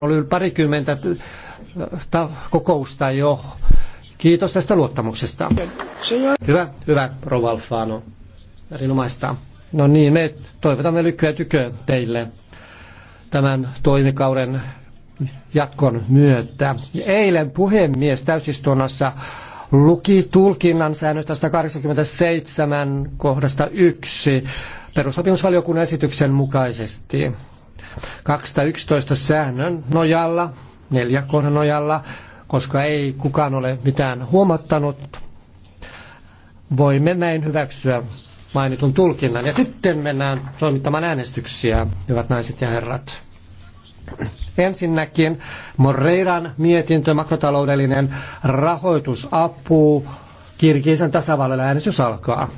oli parikymmentä äh, kokousta jo. Kiitos tästä luottamuksesta. Hyvä, hyvä, Rovalfano. Erinomaista. No niin, me toivotamme lykkyä tykö teille tämän toimikauden jatkon myötä. Eilen puhemies täysistunnassa luki tulkinnan säännöstä 187 kohdasta 1 perusopimusvaliokunnan esityksen mukaisesti. 211 säännön nojalla, neljä kohdan nojalla, koska ei kukaan ole mitään huomattanut, voimme näin hyväksyä mainitun tulkinnan. Ja sitten mennään toimittamaan äänestyksiä, hyvät naiset ja herrat. Ensinnäkin Moreiran mietintö, makrotaloudellinen rahoitusapu, Kirgisen tasavallalla äänestys alkaa.